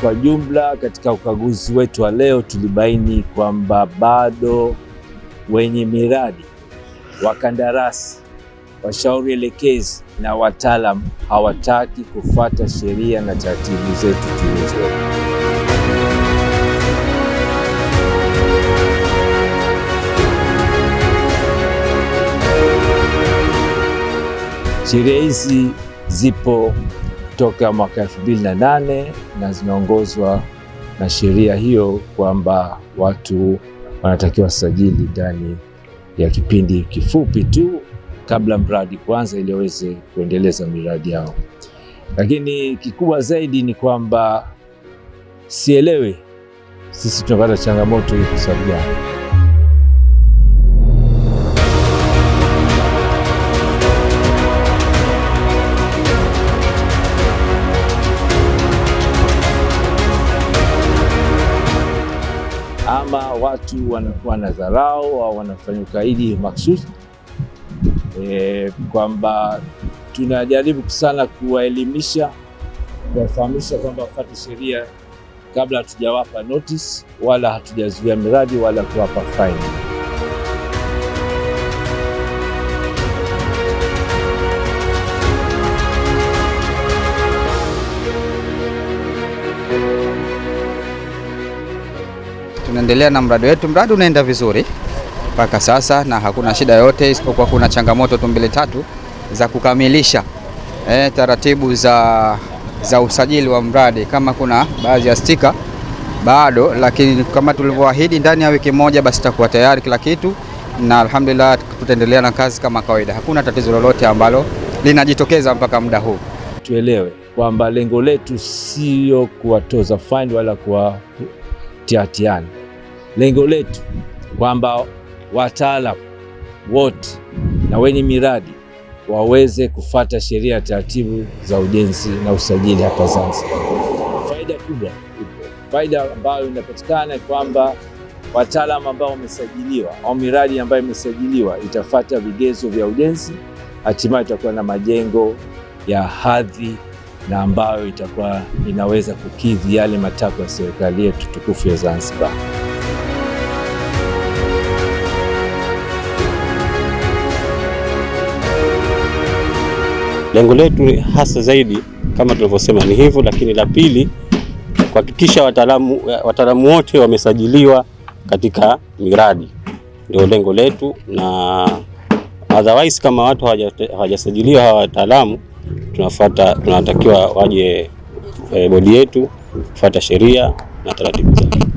Kwa jumla, katika ukaguzi wetu wa leo tulibaini kwamba bado wenye miradi, wakandarasi, washauri elekezi na wataalam hawataki kufuata sheria na taratibu zetu tulizo Sheria hizi zipo toka mwaka elfu mbili na nane na zinaongozwa na sheria hiyo kwamba watu wanatakiwa wasajili ndani ya kipindi kifupi tu kabla mradi kuanza, ili waweze kuendeleza miradi yao. Lakini kikubwa zaidi ni kwamba sielewi sisi tunapata changamoto hii kwa sababu gani. kama watu na dharau au wanafanya ukaidi maksusi e, kwamba tunajaribu sana kuwaelimisha kuwafahamisha kwamba wafate sheria kabla hatujawapa notice wala hatujazuia miradi wala kuwapa faini. tunaendelea na mradi wetu, mradi unaenda vizuri mpaka sasa na hakuna shida yoyote, isipokuwa kuna changamoto tu mbili tatu za kukamilisha e, taratibu za, za usajili wa mradi, kama kuna baadhi ya stika bado, lakini kama tulivyoahidi ndani ya wiki moja basi takuwa tayari kila kitu, na alhamdulillah tutaendelea na kazi kama kawaida. Hakuna tatizo lolote ambalo linajitokeza mpaka muda huu. Tuelewe kwamba lengo letu sio kuwatoza fine wala kuwatiatiani Lengo letu kwamba wataalamu wote na wenye miradi waweze kufata sheria ya taratibu za ujenzi na usajili hapa Zanzibar. Faida kubwa faida ambayo inapatikana kwamba wataalamu ambao wamesajiliwa au miradi ambayo imesajiliwa itafata vigezo vya ujenzi, hatimaye itakuwa na majengo ya hadhi na ambayo itakuwa inaweza kukidhi yale matakwa ya serikali yetu tukufu ya Zanzibar. Lengo letu hasa zaidi kama tulivyosema ni hivyo, lakini la pili kuhakikisha wataalamu wataalamu wote wamesajiliwa katika miradi, ndio lengo letu, na otherwise kama watu hawajasajiliwa hawa wataalamu, tunafuata tunatakiwa waje e, bodi yetu kufuata sheria na taratibu zake.